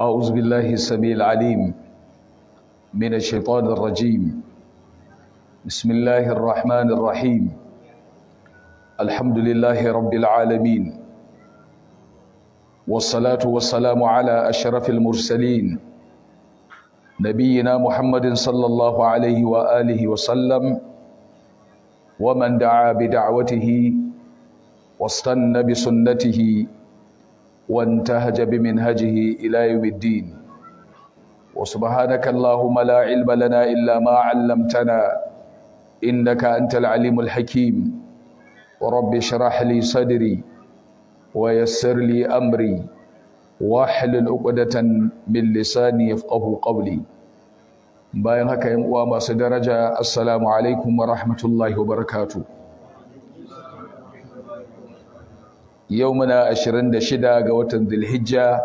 أعوذ بالله السميع العليم من الشيطان الرجيم بسم الله الرحمن الرحيم الحمد لله رب العالمين والصلاة والسلام على أشرف المرسلين نبينا محمد صلى الله عليه وآله وسلم ومن دعا بدعوته واستنى بسنته وانتهج بمنهجه إلى يوم الدين وسبحانك اللهم لا علم لنا إلا ما علمتنا إنك أنت العليم الحكيم ورب اشرح لي صدري ويسر لي أمري واحلل عقدة من لساني يفقه قولي bayan haka yan uwa masu daraja assalamu alaikum wa rahmatullahi wa barakatuh yau muna 26 ga watan dilhijja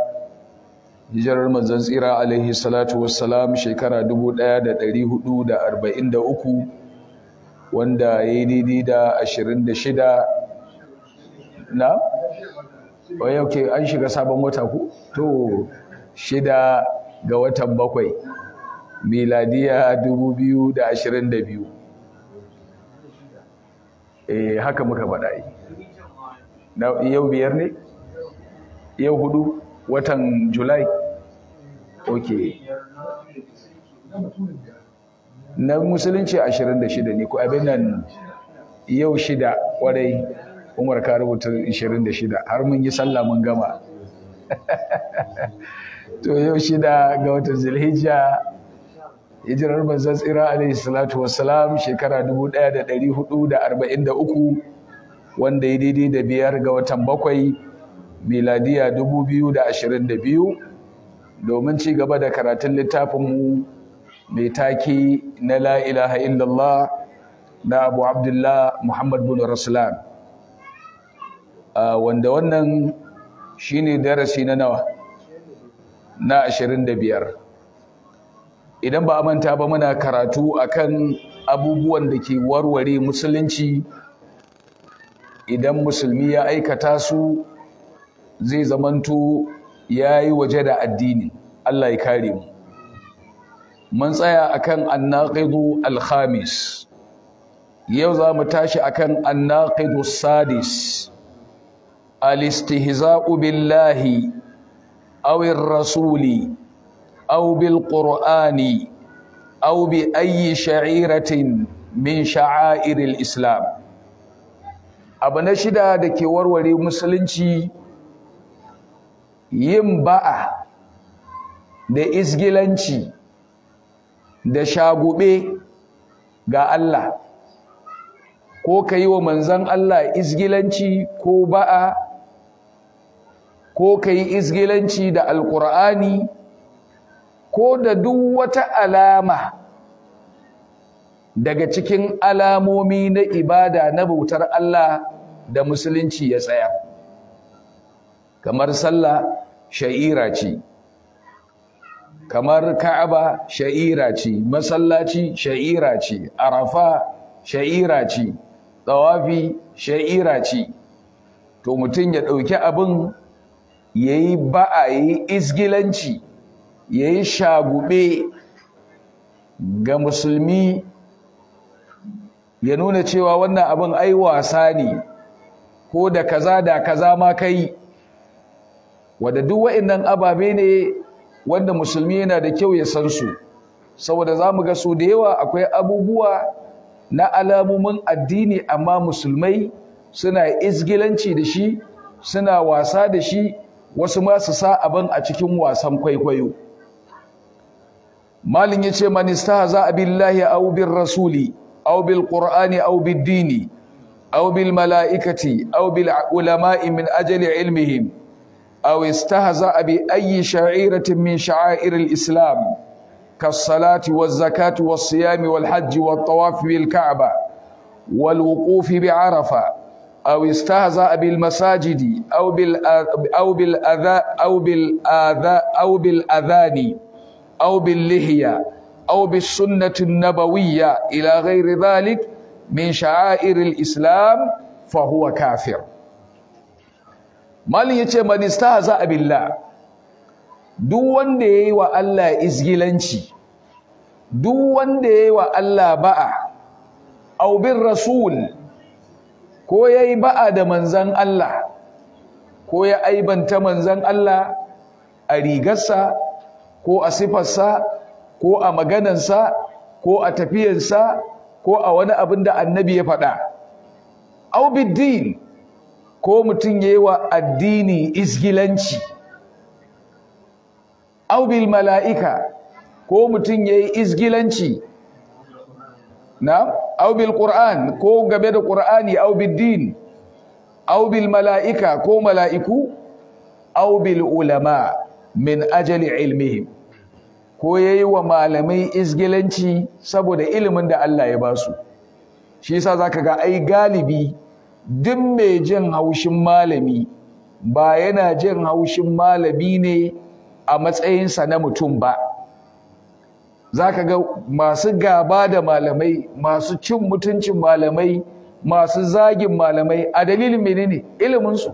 hijirar manzan tsira alaihi salatu wassalam shekara 1443 wanda ya yi didi da 26 na wai ke an shiga sabon wata ku to shida ga watan bakwai miladiya 2022 eh haka muka faɗa yi yau biyar ne yau hudu watan julai ok na musulunci 26 ne ko abin nan yau shida kwarai umar ka rubuta 26 har mun yi sallah mun gama to yau shida ga watan zilhijja hijirar manzan tsira alaihi salatu wassalam shekara 1443 wanda ya daidai da biyar ga watan bakwai miladiya biyu domin ci gaba da karatun littafinmu mai take na la ilaha illallah na abu abdullah muhammad bin rasulan wanda wannan shine darasi na nawa na ashirin da biyar. idan ba a manta ba muna karatu akan abubuwan da ke warware musulunci idan musulmi ya aikata su zai zamanto ya yi waje da addini Allah ya kare mu mun tsaya akan annaqidu al-khamis yau za mu tashi akan annaqidu sadis alistihza'u billahi aw ar-rasuli aw bil-qur'ani aw bi ayyi sha'iratin min sha'a'iril islam abu na shida da ke warware musulunci yin ba'a da isgilanci da shagube ga Allah ko ka yi wa manzan Allah isgilanci ko ba'a ko ka yi isgilanci da Alkur'ani ko da duk wata alama daga cikin alamomi na ibada na bautar Allah da musulunci ya tsaya kamar sallah sha'ira ce kamar ka'aba sha'ira ce masallaci sha'ira ce arafa sha'ira ce tsawafi sha'ira ce to mutum ya ɗauki abin ya yi ba'a ya yi isgilanci ya yi shagube ga musulmi ya nuna cewa wannan abin ai wasa ne ko da kaza da kaza ma kai wanda duk wa'annan ababe ne wanda musulmi yana da kyau ya san su saboda zamu ga su da yawa akwai abubuwa na alamomin addini amma musulmai suna izgilanci da shi suna wasa da shi wasu ma su sa abin a cikin wasan kwaikwayo malin ya ce manista za a billahi au bir rasuli أو بالقرآن أو بالدين أو بالملائكة أو بالعلماء من أجل علمهم أو استهزأ بأي شعيرة من شعائر الإسلام كالصلاة والزكاة والصيام والحج والطواف بالكعبة والوقوف بعرفة أو استهزأ بالمساجد أو أو بالأذى أو بالأذى أو بالأذان أو باللحية أو sunnatin Nabawiyya إلى غير ذلك من شعائر الإسلام فهو كافر malin ya ce man istahza billah duk wanda yayi wa Allah izgilanci duk wanda yayi wa Allah ba'a Aubin rasul ko yayi ba'a da manzan Allah ko ya aibanta manzan Allah a rigarsa ko a sifarsa ko a maganansa ko a tafiyansa ko a wani abin da annabi ya faɗa au biddin ko mutum ya yi wa addini isgilanci. au mala'ika ko mutum ya yi isgilanci. na aubil ƙur'an ko game da ƙur'ani au biddin mala'ika ko mala'iku aubil ulama min ajali ilmihim ko ya yi wa malamai izgilanci saboda ilimin da Allah ya ba su shi yasa za ka ga ai galibi duk mai jin haushin malami ba yana jin haushin malami ne a matsayinsa na mutum ba za ka ga masu gaba da malamai masu cin mutuncin malamai masu zagin malamai a dalilin menene iliminsu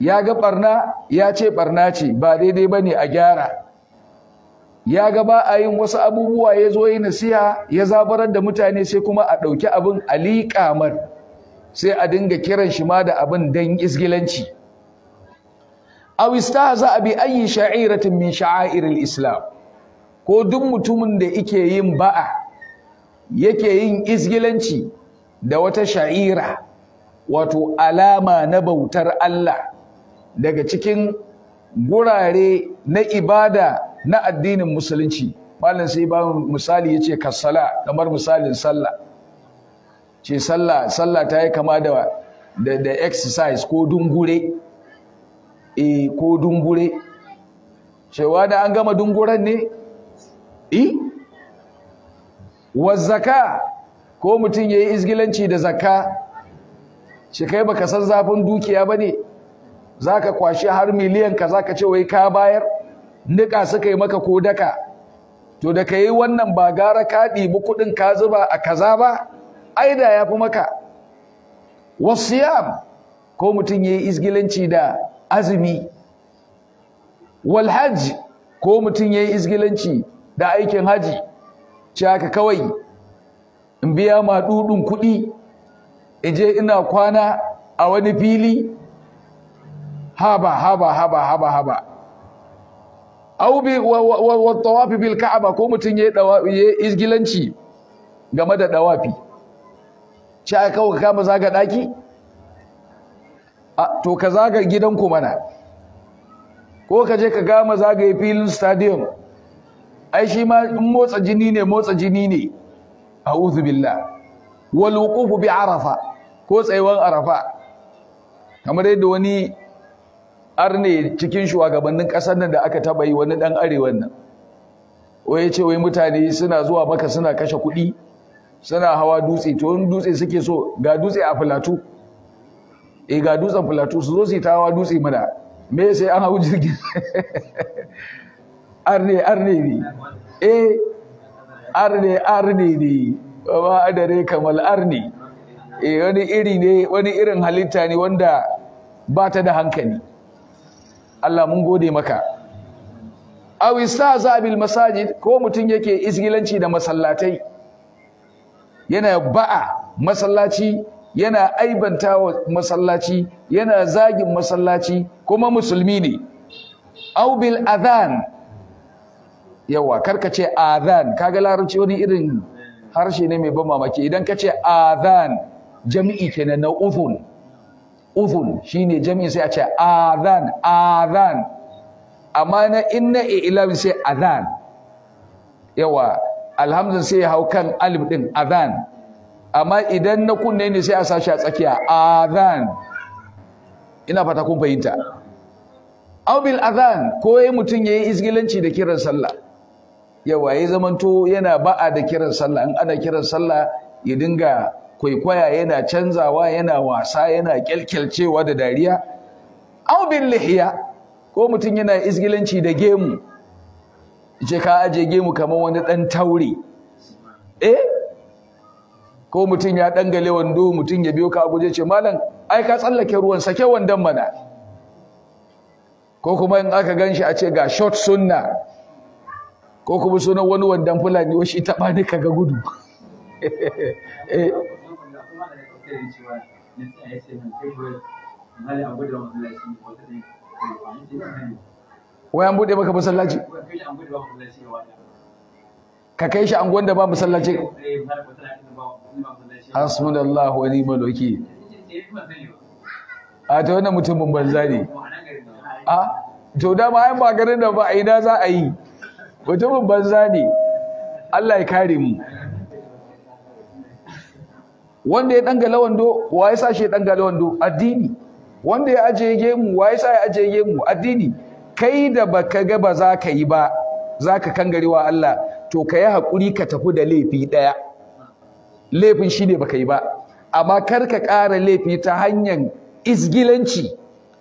ya ga barna ya ce barna ce ba daidai ba ne a gyara ya ga ba a yin wasu abubuwa ya zo yi nasiha ya zabarar da mutane sai kuma a ɗauki abin a sai a dinga kiran shi ma da abin don isgilanci A za a bi ayi sha'iratin min sha'airil islam ko duk mutumin da yake yin ba'a yake yin isgilanci da wata sha'ira wato alama na bautar Allah daga cikin gurare na ibada na addinin musulunci malam sai ba misali ya yace kasala kamar misalin sallah ce sallah sallah ta yi kama da da exercise ko dungure e ko dungure cewa da an gama dunguren ne e wa zakka ko mutum yayi izgilanci da zakka ce kai baka san zafin dukiya ba bane zaka kwashi har miliyan ka zaka ce wai ka bayar nika suka yi maka ko daka to da ka yi wannan ba gara ka dibi kuɗin ka zuba a kaza ba ai da yafi maka wasiyam ko mutum yayi yi izgilanci da azumi walhaj ko mutum yayi yi izgilanci da aikin haji haka kawai in biya ma ɗuɗin kuɗi Ije ina kwana a wani fili haba haba haba haba haba au bi wa tawafi bil ka'aba ko mutum yayi dawafi yayi izgilanci game da dawafi ci aka kawo kama zaga daki to ka zaga gidan ku mana ko ka je ka gama zagaye filin stadium ai shi ma motsa jini ne motsa jini ne a'udhu billah wal wuqufu bi arafa ko tsayuwan arafa kamar yadda wani arne cikin shugabannin ƙasar nan da aka taba yi wani ɗan arewan nan wai ya ce wai mutane suna zuwa maka suna kashe kuɗi suna hawa dutse to wani dutse suke so ga dutse a filatu E, eh, ga dutsen filatu su zo su ta hawa dutse mana me sai an hau jirgin arne arne ne ne. Eh, arne arne ne ba adare kamal arne e wani iri ne wani irin halitta ne wanda ba ta da hankali Allah mun gode maka aw istaza bil masajid ko mutun yake isgilanci da masallatai yana ba'a masallaci yana aibantawa masallaci yana zagin masallaci kuma musulmi ne aw bil adhan yawa karka ce adhan kaga larabci wani irin harshe ne mai ban mamaki idan ka ce adhan jami'i kenan na uzun shi ne jami'in sai a ce adhan adhan amma na inna e i'lam sai adhan yawa alhamdun sai ya hau kan alif din adhan amma idan na kunne ne sai a sashi a tsakiya adhan ina fata kun fahimta aw bil adhan ko yayi mutun yayi izgilanci da kiran sallah yawa yayi zamanto yana ba'a da kiran sallah in ana kiran sallah ya dinga kwaikwaya yana canzawa yana wasa yana kyalkyalcewa da dariya aw lihiya ko mutum yana izgilanci da gemu ce ka aje gemu kamar wani ɗan taure eh ko mutum ya dangale wando mutum ya biyo ka guje ce malam ai ka tsallake ruwan sake wandon mana ko kuma in aka ganshi a ce ga short sunna ko kuma sunan wani wandon fulani wa shi taɓa ni ka ga gudu eh? irin cewa a gudu masallaci wata ne wai an bude maka masallaci ka kai shi anguwan da ba masallaci eh, hasbunallahu wa ni'mal maloki. Eh, a ta wannan mutumin banza ne a to da ma ai ba garin da ba a ina za a yi mutumin banza ne Allah ya kare mu wanda ya danga wando wa ya sa shi ya danga lawando? addini wanda ya ajiye gemu wa ya sa ya ajiye gemu addini kai da baka ga ba za ka yi ba za ka wa Allah to ka yi haƙuri ka tafi da laifi ɗaya laifin shi ne baka yi ba amma kar ka ƙara laifi ta hanyar izgilanci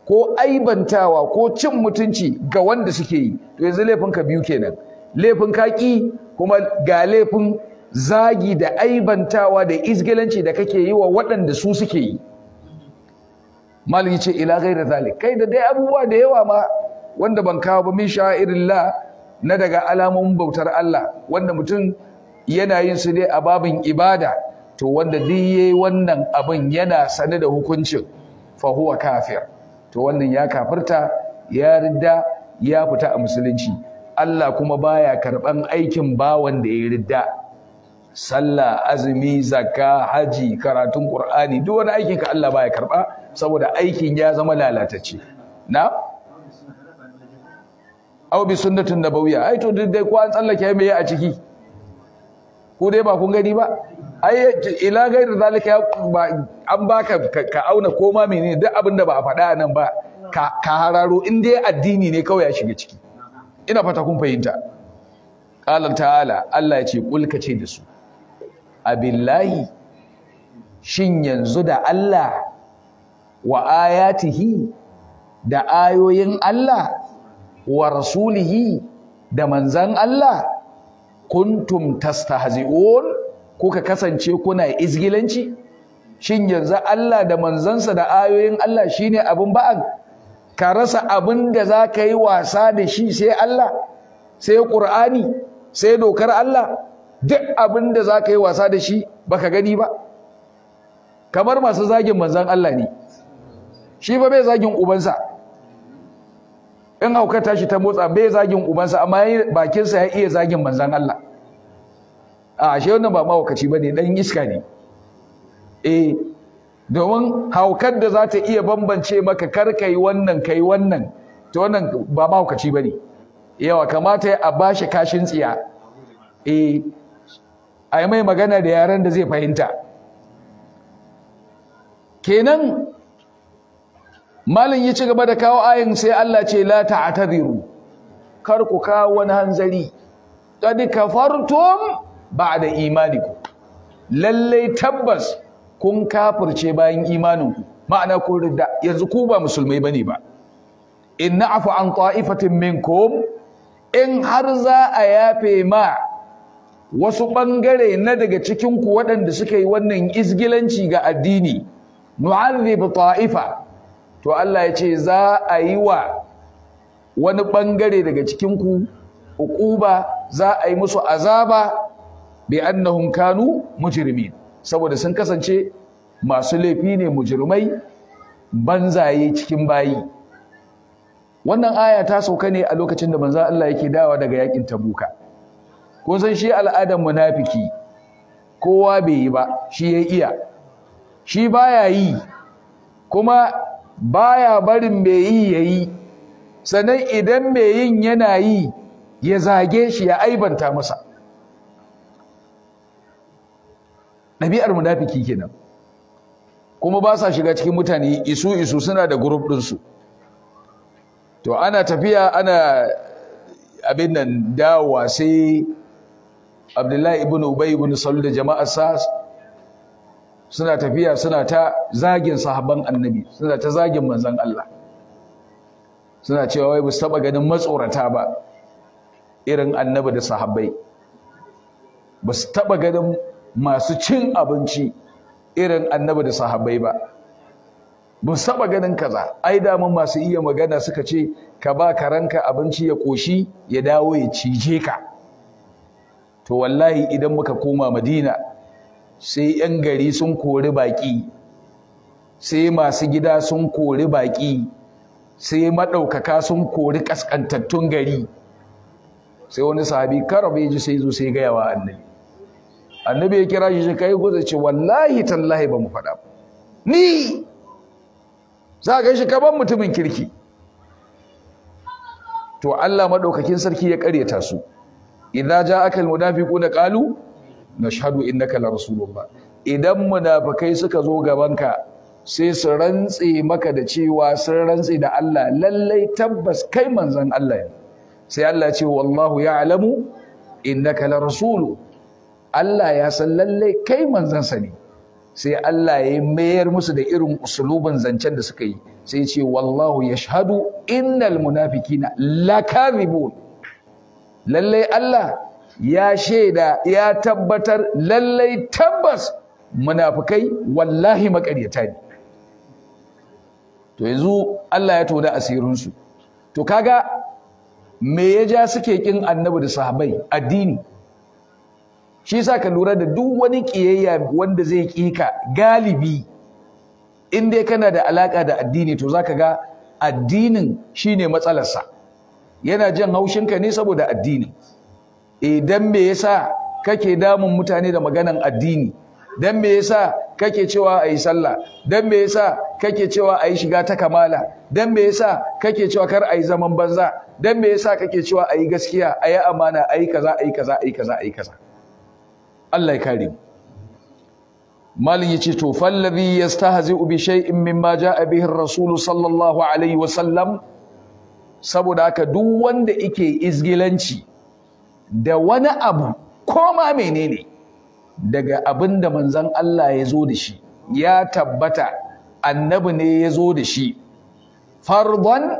ko aibantawa ko cin mutunci ga wanda suke yi to yanzu laifin ka biyu kenan laifin kaƙi kuma ga laifin zagi da aibantawa da izgilanci da kake yi wa waɗanda su suke yi malin yace ila da zalik kai da dai abubuwa da yawa ma wanda ban kawo ba min la na daga alamomin bautar Allah wanda mutum yana yin su ne a babin ibada to wanda duk yayi wannan abin yana sane da hukuncin fa kafir to wannan ya kafirta ya ridda ya fita a musulunci Allah kuma baya karɓan aikin bawan da ya ridda sallah azumi zakka haji karatun qur'ani duk wani aikin ka Allah baya karba saboda aikin ya zama lalatacce na aw bi sunnatin nabawiyya ai to duk dai ko an tsallake mai a ciki ko dai ba kun gani ba ai ila ya zalika an baka ka auna koma menene duk abinda ba a faɗa nan ba ka hararo in dai addini ne kawai ya shiga ciki ina fata kun fahimta qala ta'ala Allah ya ce kulka ce da su abillahi shin yanzu da Allah wa ayatihi da ayoyin Allah wa rasulihi da manzan Allah kuntum tastahzi'un kuka kasance kuna izgilanci shin yanzu Allah da manzansa da ayoyin Allah shine abin ba'an ka rasa abin da za ka yi wasa da shi sai Allah sai Qur'ani sai dokar Allah duk abin da za ka yi wasa da shi ka gani ba kamar masu zagin manzan Allah ne shi ba bai zagin ubansa in hauka tashi ta motsa bai zagin ubansa amma bakinsa ya iya zagin manzan Allah a ashe wannan ba mahaukaci ba ne ɗan iska ne eh domin haukar da za ta iya bambance maka kar ka yi wannan ka yi wannan ta wannan ba mahaukaci ba ne yawa kamata a bashi kashin tsiya eh a yi mai magana da yaren da zai fahimta kenan malin ya ci gaba da kawo ayin sai Allah ce la ta'tadiru kar ku kawo wani hanzari qad kafartum ba'da imanikum Lallai tabbas kun kafirce bayan imaninku ma'ana ko ridda yanzu ku ba musulmai bane ba in na'fu an ta'ifatin minkum in har za a yafe ma wasu ɓangare na daga cikinku waɗanda suka yi wannan izgilanci ga addini nu'adhib ta'ifa to Allah ya ce za a yi wa wani ɓangare daga cikinku uquba za a yi musu azaba bi annahum kanu mujrimin saboda sun kasance masu laifi ne mujrimai banzaye cikin bayi wannan aya ta sauka ne a lokacin da manzo Allah yake dawa daga yakin tabuka kun san shi al'adar munafiki kowa bai yi ba shi ya iya shi baya yi kuma baya barin bai yi ya yi sannan idan mai yin yana yi ya zage shi ya aibanta masa ɗabi'ar munafiki kenan kuma ba sa shiga cikin mutane isu isu suna da guruf su. to ana tafiya ana abin nan dawa sai abdullahi ibn ubay ibn salul da jama'ar sa suna tafiya suna ta zagin sahabban annabi suna ta zagin manzon Allah suna cewa wai ba su taba ganin matsorata ba irin annabi da sahabbai ba taba ganin masu cin abinci irin annabi da sahabbai ba ba taba ganin kaza ai daman masu iya magana suka ce ka ba karanka abinci ya koshi ya dawo ya cije ka to wallahi idan muka koma madina sai 'yan gari sun kori baƙi sai masu gida sun kori baƙi sai maɗaukaka sun kori ƙasƙantattun gari sai wani sahabi karabe ji sai zo sai gaya wa annabi annabi ya kira shi kai guza ce wallahi tallahi ba mu faɗa ni za ka shi kaban mutumin kirki to Allah maɗaukakin sarki ya ƙaryata su idza ja'aka almunafiquna qalu nashhadu innaka la ba. idan munafikai suka zo gabanka sai su rantse maka da cewa sun rantse da Allah lallai tabbas kai manzon Allah ne sai Allah ce wallahu ya'lamu innaka kala rasulu Allah ya san lallai kai manzon sa ne sai Allah ya mayar musu da irin usulubin zancen da suka yi sai ce wallahu yashhadu innal munafiqina lakadhibun lallai Allah ya shaida ya tabbatar lallai tabbas munafukai wallahi makaryata ne to yanzu Allah ya tona asirinsu to kaga me ya ja suke kin annabi da sahabbai addini shi yasa ka lura da duk wani kiyayya wanda zai kika galibi in dai kana da alaka da addini to zaka ga addinin shine matsalarsa yana jin ka ne saboda addini idan eh, me yasa kake damun mutane da maganan addini dan me yasa kake cewa ayi sallah dan me yasa kake cewa ayi shiga ta kamala dan me yasa kake cewa kar ayi zaman banza dan me yasa kake cewa ayi gaskiya ayi amana ayi kaza ayi kaza ayi kaza ayi kaza Allah ya kare mu malin yace to fallazi yastahzi'u bi shay'in mimma ja'a bihi ar-rasul sallallahu alaihi wa sallam saboda haka duk wanda ike izgilanci da wani abu koma menene daga abin da manzon Allah ya zo da shi ya tabbata annabi ne ya zo da shi fardan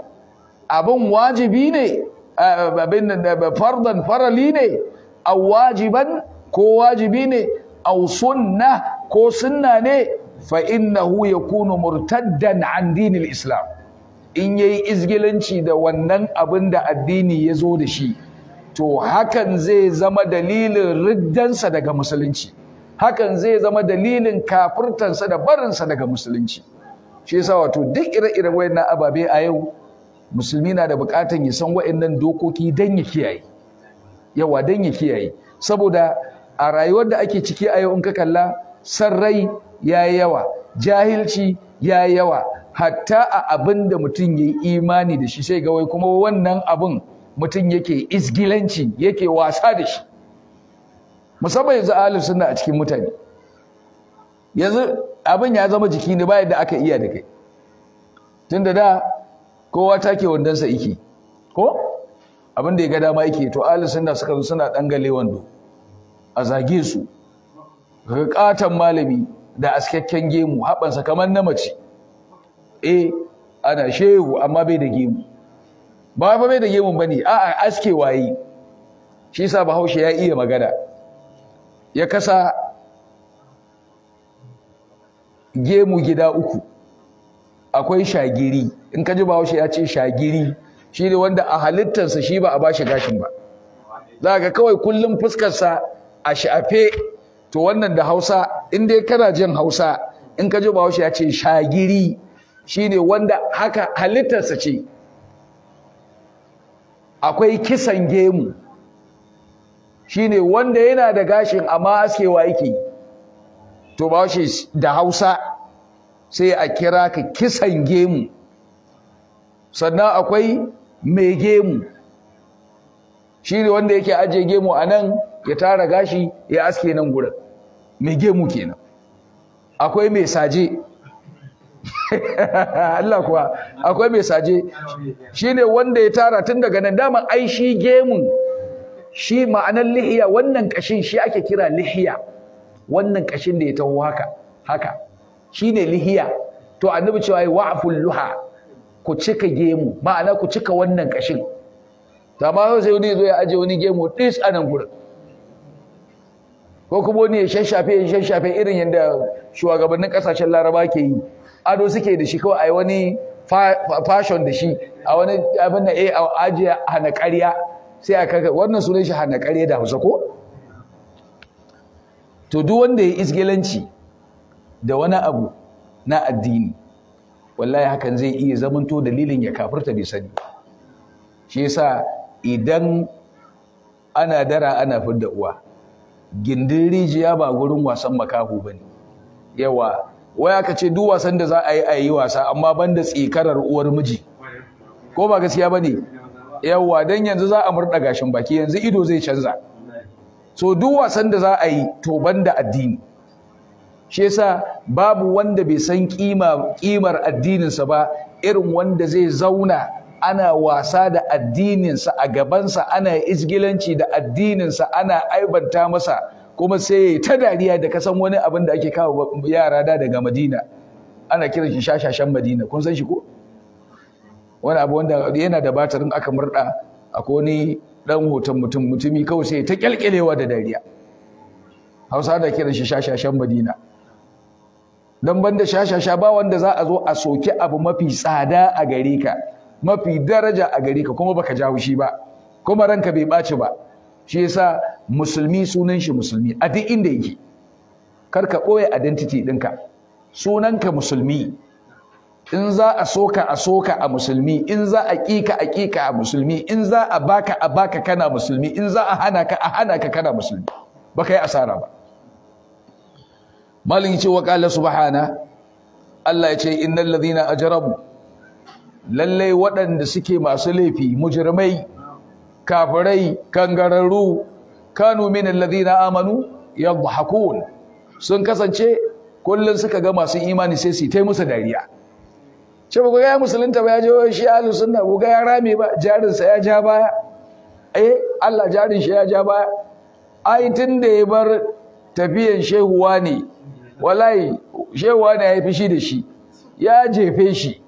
abin wajibi ne abin fardan farali ne aw wajiban ko wajibi ne aw sunna ko sunna ne fa innahu yakunu murtaddan an dinil islam in ya yi izgilanci da wannan abin da addini ya zo da shi to hakan zai zama dalilin riddansa daga musulunci hakan zai zama dalilin kafurtansa da barinsa daga musulunci shi yasa wato duk ire-iren wayannan ababe a yau musulmi na da bukatan ya san wayannan dokoki dan ya kiyaye yawa dan ya kiyaye saboda a rayuwar da ake ciki a yau in ka kalla san rai yayi yawa jahilci ya yawa hatta a abin da mutum ya yi imani da shi sai ga wai kuma wannan abin mutum yake isgilanci yake wasa da shi musamman yanzu ahlus sunna a cikin mutane yanzu abin ya zama jiki ne bayan da aka iya da kai tunda da kowa take wandonsa yake ko abin da ya ga dama yake to ahlus sunna suka zo suna dangale wando a zage su ga katon malami da askakken gemu haɓansa kamar na mace eh ana shehu amma bai da gemu ba fa bai da gemun bane a'a aske waye shi yasa bahaushe ya iya magana ya kasa gemu gida uku akwai shagiri in ka ji bahaushe ya ce shagiri shi ne wanda a halittarsa shi ba a ba shi gashin ba za ga kawai kullum fuskarsa a shafe to wannan da hausa in dai kana jin hausa in ka ji bahaushe ya ce shagiri shine wanda haka halittarsa ce akwai kisan gemu shine wanda yana da gashin amma askewa yake to ba shi da Hausa sai a kira ka kisan gemu sannan akwai mai gemu shine wanda yake ajiye gemu a nan ya tara gashi ya aske nan gurin mai gemu kenan akwai mai saje Allah kuwa akwai mai saje shine wanda ya tara tun daga nan dama ai shi gemun shi ma'anar lihiya wannan kashin shi ake kira lihiya wannan kashin da ya taho haka haka shine lihiya to annabi cewa ai wa'ful luha ku cika gemu ma'ana ku cika wannan kashin to amma sai wani zo ya aje wani gemu dis anan gurin ko kuma wani ya shashafe ya shashafe irin yadda shugabannin kasashen laraba ke yi ado suke da shi kawai a yi wani fashion da shi a wani abin da eh a ajiya hana ƙarya sai a kaka wannan sunan shi hana ƙarya da Hausa ko to duk wanda ya isgilanci da wani abu na addini wallahi hakan zai iya zamanto dalilin ya kafirta bai sani shi yasa idan ana dara ana fidda uwa gindin rijiya ba gurin wasan makahu bane yawa waya ka ce duk wasan da za a yi a yi wasa amma banda tsikarar uwar miji ko ba gaskiya bane yawwa dan yanzu za a murda gashin baki yanzu ido zai canza so duk wasan da za a yi to banda addini shi yasa babu wanda bai san kima kimar addininsa ba irin wanda zai zauna ana wasa da addininsa a gabansa ana izgilanci da addininsa ana aibanta masa kuma sai ta dariya da kasan wani abin da ake kawo yara da daga madina ana kiran shi shashashan madina kun san shi ko wani abu wanda yana da batarin aka murda a koni dan hoton mutum mutumi kawai sai ta kyalkyalewa da dariya hausa da kiran shi shashashen madina dan banda shashasha ba wanda za a zo a soki abu mafi tsada a gare ka mafi daraja a gare ka kuma baka jawo shi ba kuma ranka bai ɓaci ba shi yasa musulmi sunan shi musulmi a duk inda yake kar ka ɓoye identity ɗinka sunanka musulmi in za a soka a soka a musulmi in za a ƙika a ƙika a musulmi in za a baka a baka kana musulmi in za a hana ka a hana ka kana musulmi ba ka yi asara ba malin ce wa ƙala subhana Allah ya ce innal ladhina ajramu lallai waɗanda suke masu laifi mujrimai kafirai kangararru kanu min alladhina amanu yadhhakun sun kasance kullun suka ga masu imani sai su yi musu dariya ce ba ga ya musulunta ba ya je shi ahlus sunna ba ga ya rame ba jarin sa ya ja baya eh Allah jarin shi ya ja baya ai tun da ya bar tafiyan shehuwa ne wallahi shehuwa ne ya fi shi da shi ya jefe shi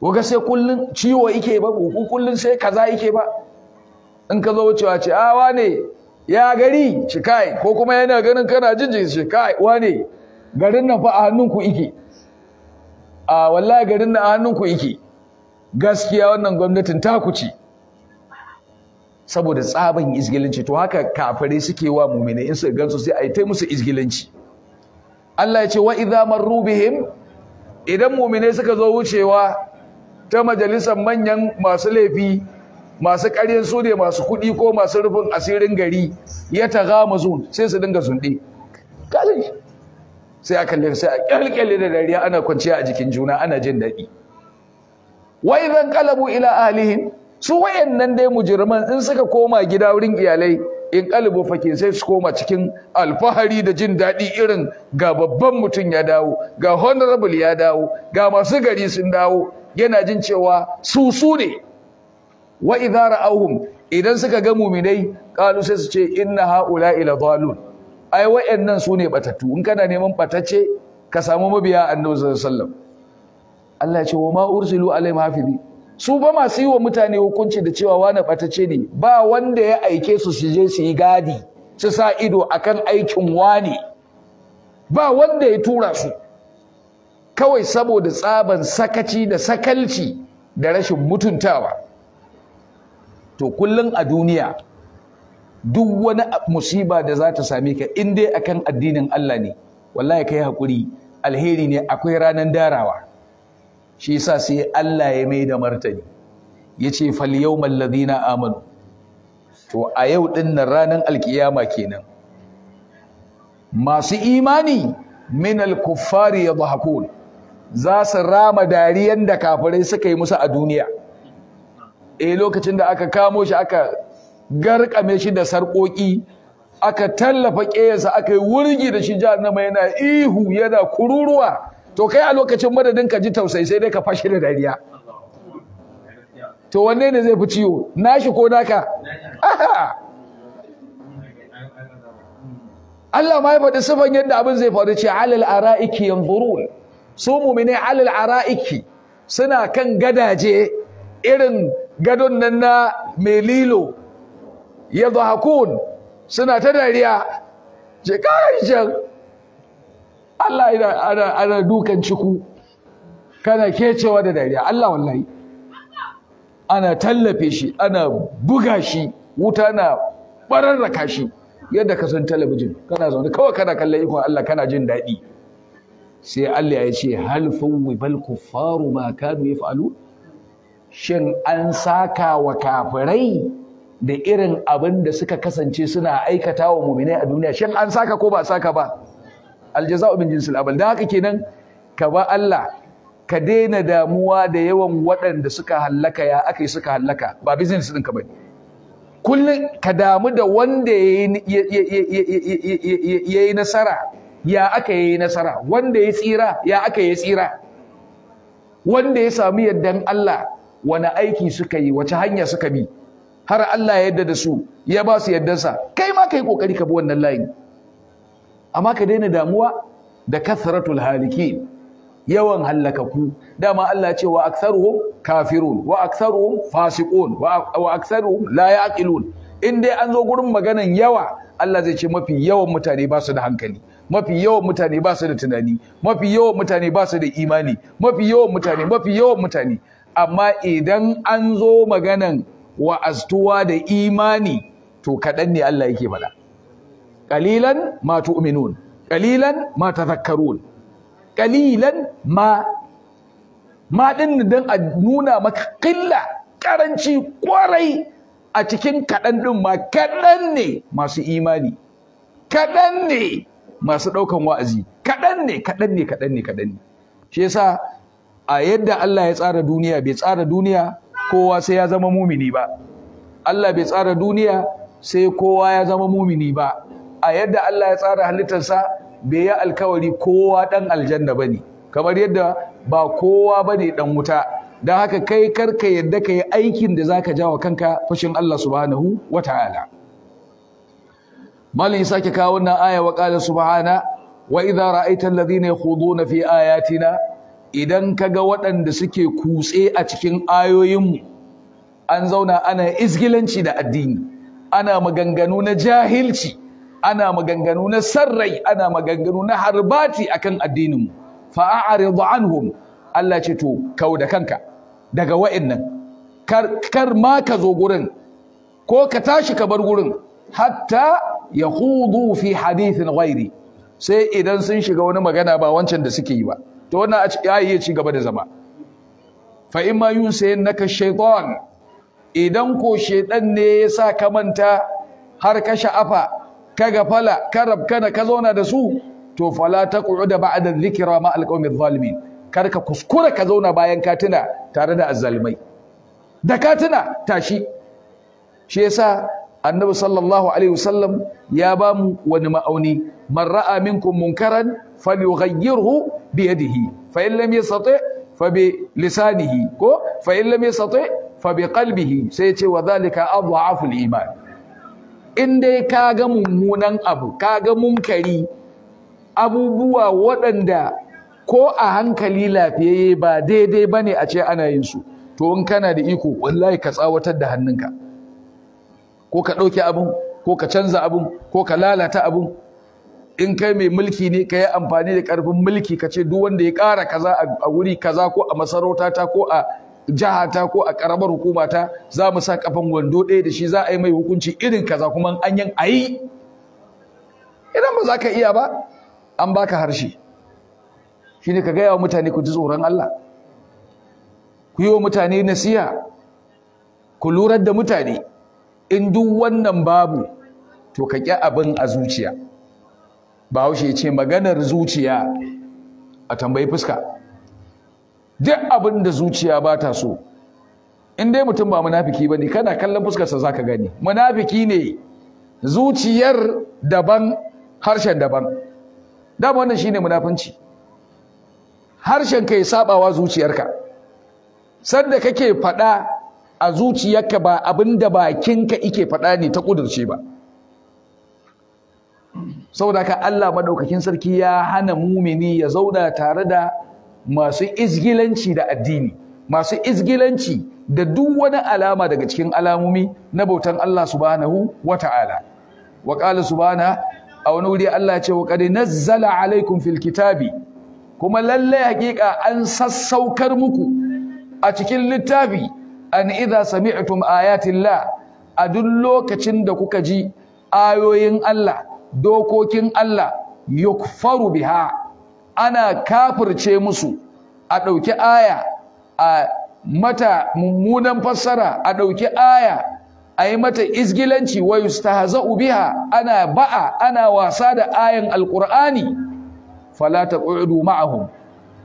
waga sai kullun ciwo yake ba ko kullun sai kaza yake ba in ka zo wucewa ce a ah, wane ya gari shi kai ko kuma yana ganin kana jinjin shi kai wane garin nan fa a hannunku ike a wallahi garin nan a hannunku ike gaskiya wannan gwamnatin taku ce saboda tsabin izgilanci to haka kafare suke wa mu'mini in su gansu sai a yi ta musu izgilanci Allah ya ce wa idza marru bihim idan mu'mine suka zo wucewa ta majalisar manyan masu laifi masu karyan su ne masu kuɗi ko masu rufin asirin gari ya ta gama zuwan sai su dinga zunɗe kalin sai a kalli sai a kyalkyale da dariya ana kwanciya a jikin juna ana jin daɗi Wai zan kalabu ila alihin su wayannan dai mujirman in suka koma gida wurin iyalai in kalabu fake sai su koma cikin alfahari da jin daɗi irin ga babban mutum ya dawo ga honorable ya dawo ga masu gari sun dawo yana jin cewa su su ne wa idza ra'awhum idan suka ga mu'minai qalu sai su ce inna haula ila dhalun ai wayannan sune batatu in kana neman batacce ka samu mabiya annabi sallallahu alaihi wasallam Allah ya ce wa ma ursilu alaihim hafizi su ba masu yi wa mutane hukunci da cewa wani batacce ne ba wanda ya aike su su je su yi gadi su sa ido akan aikin wani ba wanda ya tura su kawai saboda tsaban sakaci da sakalci da rashin mutuntawa to kullum a duniya duk wani musiba da za ta same ka in dai akan addinin Allah ne wallahi kai hakuri alheri ne akwai ranar darawa shi yasa sai Allah ya mai da martani yace fal yawmal ladina amanu to a yau din nan ranar alkiyama kenan masu imani min al-kuffari yadhakun za su rama dariyan da kafirai suka yi musu a duniya eh lokacin da aka kamo shi aka garkame shi da sarkoki, aka tallafa ƙeyarsa aka yi wurgi da shi jahannama yana ihu yana kururuwa to kai a lokacin madadin ka ji tausayi sai dai ka fashi da dariya to wanne ne zai fi ciwo nashi ko naka Allah ma ya faɗi sifan yadda abin zai faru ce alal ara'iki yanzurun su mu'mine alal ara'iki suna kan gadaje irin gadon nan na mai lilo ya zahakun suna ta dariya je kai Allah ana ana dukan ciku kana kecewa da dariya Allah wallahi ana tallafe shi ana buga shi wuta na bararraka shi yadda ka san talabijin kana zaune kawai kana kallon ikon Allah kana jin daɗi sai Allah ya ce hal fawwi bal kuffaru ma kanu yaf'alu shin an saka wa kafirai da irin abin da suka kasance suna aikata wa muminai a duniya shin an saka ko ba saka ba aljaza'u min jinsil abal dan haka kenan ka ba Allah ka daina damuwa da yawan waɗanda suka hallaka ya akai suka hallaka ba business ka ba kullun ka damu da wanda yayi nasara ya aka yi nasara wanda ya tsira ya aka yi tsira wanda ya samu yaddan Allah wani aiki suka yi wace hanya suka bi har Allah ya yarda da su ya ba su yardarsa kai ma kai kokari ka bi wannan layin amma ka daina damuwa da kasratul halikin yawan hallakaku dama Allah ce wa aktharuhum kafirun wa aktharuhum fasiqun wa aktharuhum la yaqilun in dai an zo gurin maganan yawa Allah zai ce mafi yawan mutane ba su da hankali mafi yawan mutane ba su da tunani mafi yawan mutane ba su da imani mafi yawan mutane mafi yawan mutane amma idan an zo maganan wa'aztuwa da imani to kaɗan ne Allah yake faɗa Ƙalilan ma tu'minun qalilan ma tadhakkarun qalilan ma ma din dan a nuna maka qilla karanci kwarai a cikin kaɗan ɗin ma kaɗan ne masu imani kaɗan ne masu ɗaukan wa'azi kaɗan ne kaɗan ne kaɗan ne kaɗan ne shi yasa a yadda Allah ya tsara duniya bai tsara duniya kowa sai ya zama mumini ba Allah bai tsara duniya sai kowa ya zama mumini ba a yadda Allah ya tsara halittarsa bai yi alkawari kowa dan aljanna bane kamar yadda ba kowa bane dan wuta dan haka kai karka yadda ka yi aikin da zaka jawa kanka fashin Allah subhanahu wata'ala ya sake kawo wannan aya wa qala subhana wa idza ra'aita alladhina yakhuduna fi ayatina idan ka ga waɗanda suke kutse a cikin ayoyinmu an zauna ana izgilanci da addini ana maganganu na jahilci ana maganganu na sarrai ana maganganu na harbati akan addininmu fa'a'aridu anhum Allah ce to kau da kanka daga wa'annan kar kar ma ka zo gurin ko ka tashi ka bar gurin hatta yahudu fi hadithin ghairi sai idan sun shiga wani magana ba wancan da suke yi ba to wannan ya ci gaba da zama fa in yunsayin naka shaytan idan ko shaytan ne ya sa ka manta har ka sha'afa ka gafala ka rabkana ka zauna da su to fala da ba'da dhikra ma alqawmi adh kar ka kuskura ka zauna bayan ka tuna tare da azzalimai da ka tuna tashi shi yasa annabi sallallahu alaihi wasallam ya bamu wani ma'auni man ra'a minkum munkaran falyughayyirhu biyadihi fa in lam yastati fa bi lisanihi ko fa in lam yastati fa bi qalbihi sai ya ce wa zalika adhafu al-iman in dai ka ga mummunan abu ka ga munkari abubuwa waɗanda ko a hankali lafiyayye ba daidai bane a ce ana yin to in kana da iko wallahi ka tsawatar da hannunka ko ka ɗauki abin ko ka canza abin ko ka lalata abin in kai mai mulki ne ka yi amfani da karfin mulki ka ce duk wanda ya ƙara kaza a wuri kaza ko a masarauta ta ko a jihata ko a karamar hukuma ta za mu sa kafan wando ɗaya da shi za a yi mai hukunci irin kaza kuma an yan ayi idan ba za ka iya ba an baka harshe shine ka gaya wa mutane ku ji tsoron Allah ku yi wa mutane nasiya? ku lurar da mutane in duk wannan babu to ka ƙi abin a zuciya bahaushe ce maganar zuciya a tambayi fuska duk abin da zuciya ba ta so in dai mutum ba munafiki ba ne kana kallon fuskarsa za ka gani munafiki ne zuciyar daban harshen daban dama wannan shine munafunci harshen ka ya sabawa zuciyarka sanda kake faɗa a zuciyarka ba abin da bakinka ike faɗa ne ta ƙudurce ba saboda haka Allah madaukakin sarki ya hana mumini ya zauna tare da masu izgilanci da addini masu izgilanci da duk wani alama daga cikin alamomi na bautan Allah subhanahu wata'ala wa qala subhana a wani wuri Allah ya ce wa qad nazzala alaikum fil kitabi kuma lalle hakika an sassaukar muku a cikin littafi an idza sami'tum ayatillah a duk lokacin da kuka ji ayoyin Allah dokokin Allah yukfaru biha ana kafirce musu a ɗauki aya a mata mummunan fassara a ɗauki aya a yi mata izgilanci wa yustahza'u biha ana ba'a ana wasa da ayan alqur'ani fala taq'udu ma'ahum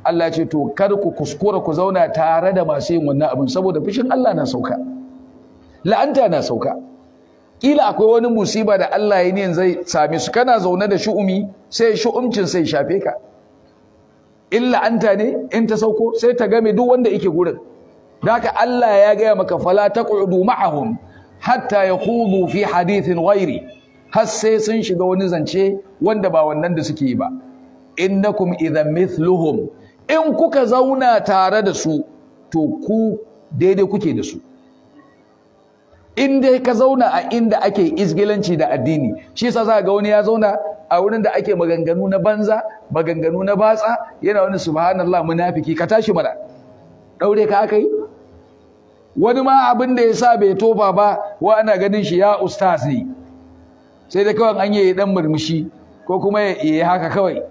Allah ce to kar ku kuskura ku zauna tare da masu yin wannan abin saboda fushin Allah na sauka la'anta na sauka kila akwai wani musiba da Allah ya ne zai sami su kana zaune da shu'umi sai shu'umcin sai shafe ka illa anta ne in ta sauko sai ta game duk wanda yake gurin daka Allah ya gaya maka fala taqudu ma'ahum hatta yakhudu fi hadithin ghairi har sai sun shiga wani zance wanda ba wannan da suke yi ba innakum idhan mithluhum in kuka zauna tare da su to ku daidai kuke da su in dai ka zauna a inda ake isgilanci da addini shi yasa za ga wani ya zauna a wurin da ake maganganu na banza maganganu na batsa yana wani subhanallah munafiki ka tashi mana daure ka aka wani ma abin da yasa bai tofa ba wa ana ganin shi ya ustaz ne sai da kawai an yi dan murmushi ko kuma ya yi haka kawai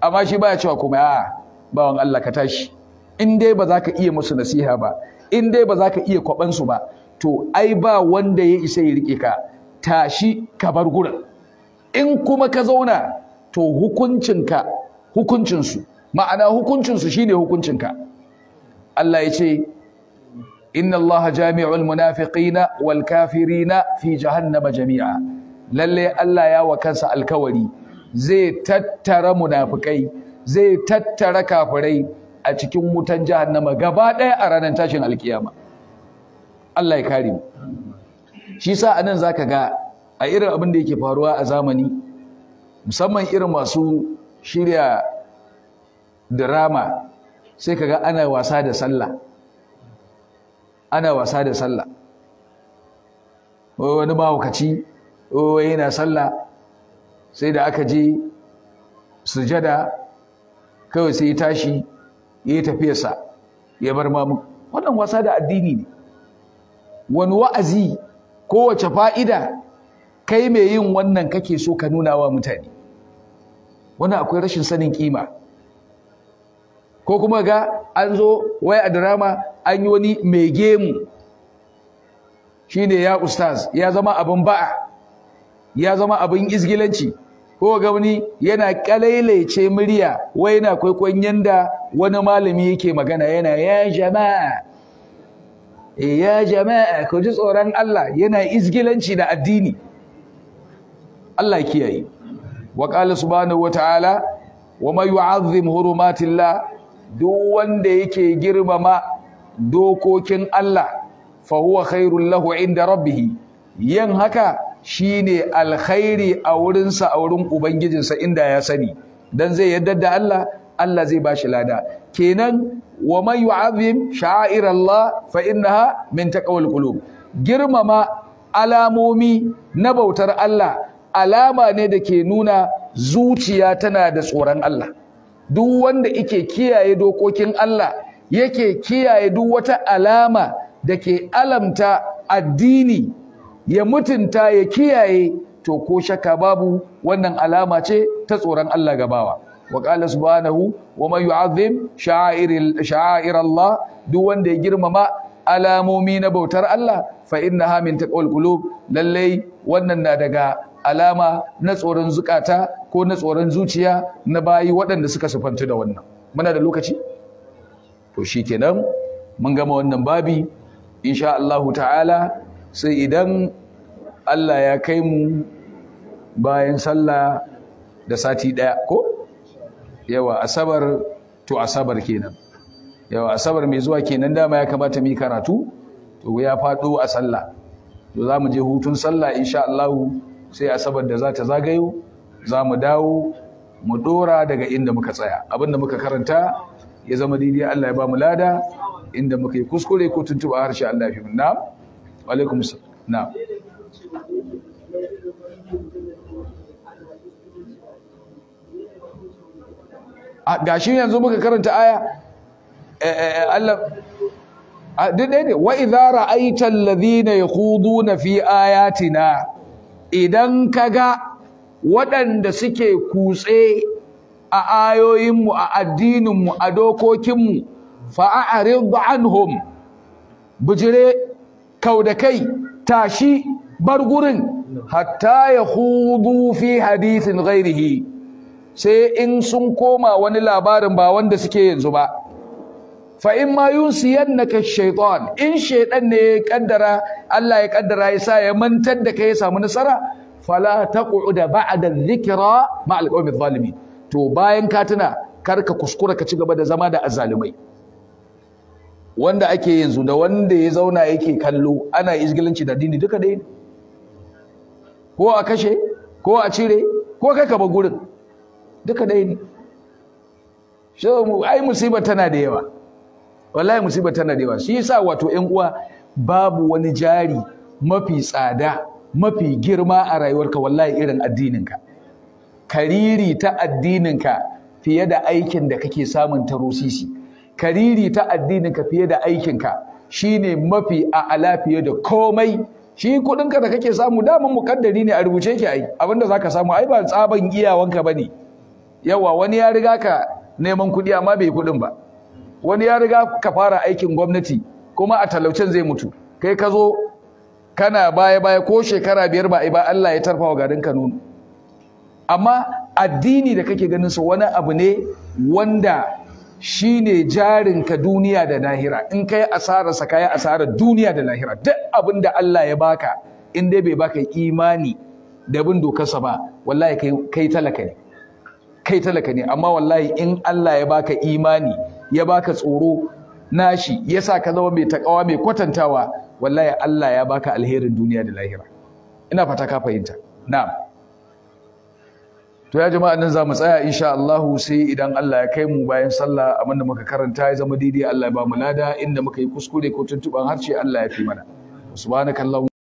amma shi baya cewa kuma a bawan Allah ka tashi in dai ba za ka iya musu nasiha ba in dai ba za ka iya kwaban su ba to ai ba wanda ya isa ya rike ka tashi ka bar gurin in kuma ka zauna to hukuncinka hukuncinsu ma'ana hukuncinsu shine hukuncinka Allah ya ce inna Allah jami'ul munafiqina wal kafirina fi jahannama jami'a lalle Allah ya wa kansa alkawari zai tattara munafikai zai tattara kafirai a cikin wutan jahannama gaba ɗaya a ranar tashin alkiyama Allah ya kare mu shi sa anan zaka ga a irin abin da yake faruwa a zamani musamman irin masu shirya drama sai kaga ana wasa da sallah ana wasa da sallah wani mahaukaci wai yana sallah sai da aka je sujada kawai sai ya tashi ya yi tafiyarsa ya bar mamu wannan wasa da addini ne wani wa'azi kowace fa'ida kai mai yin wannan kake so ka nuna wa mutane Wani akwai rashin sanin kima ko kuma ga an zo wai a drama an yi wani mai gemu Shi ne ya ustaz ya zama abin ba'a ya zama abin izgilanci ko ga wani yana kalailaice murya wai na kwaikwayon yanda wani malami yake magana yana ya jama'a Eh, ya jama'a ku ji tsoron Allah yana izgilanci da addini Allah kiyaye wa qala subhanahu wataala wa may yu'azzim hurumatillah duk wanda yake girmama dokokin Allah fa huwa khairul lahu inda rabbih yin haka shine alkhairi a wurinsa a wurin ubangijinsa inda ya sani dan zai yadda da Allah Allah zai ba shi lada kenan wa man yu'azzim Allah fa innaha min taqwal qulub girmama alamomi na bautar Allah alama ne da ke nuna zuciya tana da tsoron Allah duk wanda yake kiyaye dokokin Allah yake kiyaye duk wata alama da ke alamta addini ya mutunta ya kiyaye to ko shakka babu wannan alama ce ta tsoron Allah gabawa wa qala subhanahu wa man yu'azzim sha'air duk wanda ya girmama alamomi na bautar Allah fa inna min taqwal qulub lalle wannan na daga alama na tsoron zukata ko na tsoron zuciya na bayi waɗanda suka sufantu da wannan muna da lokaci to kenan mun gama wannan babi insha Allah ta'ala sai idan Allah ya kai mu bayan sallah da sati ɗaya ko yawa asabar to asabar kenan yawa asabar mai zuwa kenan dama ya kamata mu karatu to ya faɗo a sallah to za mu je hutun sallah insha Allah sai asabar da za ta zagayo za mu dawo mu dora daga inda muka tsaya abinda muka karanta ya zama daidai Allah ya ba mu lada inda muka yi kuskure ko tuntuɓa harshe Allah ya fi mu na alaikum na'am gashi yanzu muka karanta aya eh, eh, eh, Allah duk ɗaya ne wa idza ra'aita alladhina yakhuduna fi ayatina idan kaga waɗanda suke kutse a ayoyinmu a addininmu a dokokinmu fa'a'arid anhum Kau kauda kai tashi bar gurin hatta yahudu fi hadithin ghairihi sai in sun koma wani labarin ba wanda suke yanzu ba fa in ma yannaka shaytan in shaydan ne ya kaddara Allah ya kaddara ya sa ya mantar da kai ya samu nasara fala taq'uda ba'da dhikra ma'al qawmi zalimin to bayan ka tuna kar ka kuskura ka ci gaba da zama da azzalumai wanda ake yanzu da wanda ya zauna yake kallo ana izgilanci da dini duka dai ko a kashe ko a cire ko kai ka bar gurin duka dai ne shi ai musiba tana da yawa wallahi musiba tana da yawa shi yasa wato ƴan uwa babu wani jari mafi tsada mafi girma a rayuwarka wallahi irin addininka kariri ta addininka fiye da aikin da kake samun tarosisi kariri ta addininka fiye da aikinka shine mafi a'ala fiye da komai shi kudinka da kake samu damar mukaddari ne a rubuce ki ai abinda zaka samu ai ba tsaban iyawanka bane yawa wani ya riga ka neman kuɗi amma bai kuɗin ba wani ya riga ka fara aikin gwamnati kuma a talaucin zai mutu kai ka zo kana baya baya ko shekara biyar ba ba Allah ya tarfa garin ka nono amma addini da kake ganin sa wani abu ne wanda shine jarin ka duniya da lahira in kai asara sa kai asara duniya da lahira duk abin da Allah ya baka in dai bai baka imani da bin dokarsa ba wallahi kai kai talaka ne kai talaka ne amma wallahi in Allah ya baka imani ya baka tsoro nashi ya sa ka zama mai takawa mai kwatantawa wallahi Allah ya baka alherin duniya da lahira ina fata ka fahimta na'am to ya jama'a nan za mu tsaya insha Allah sai idan Allah ya kai mu bayan sallah abinda muka karanta ya zama daidai Allah ya ba mu lada inda muka yi kuskure ko tuntuban harshe Allah ya fi mana mu.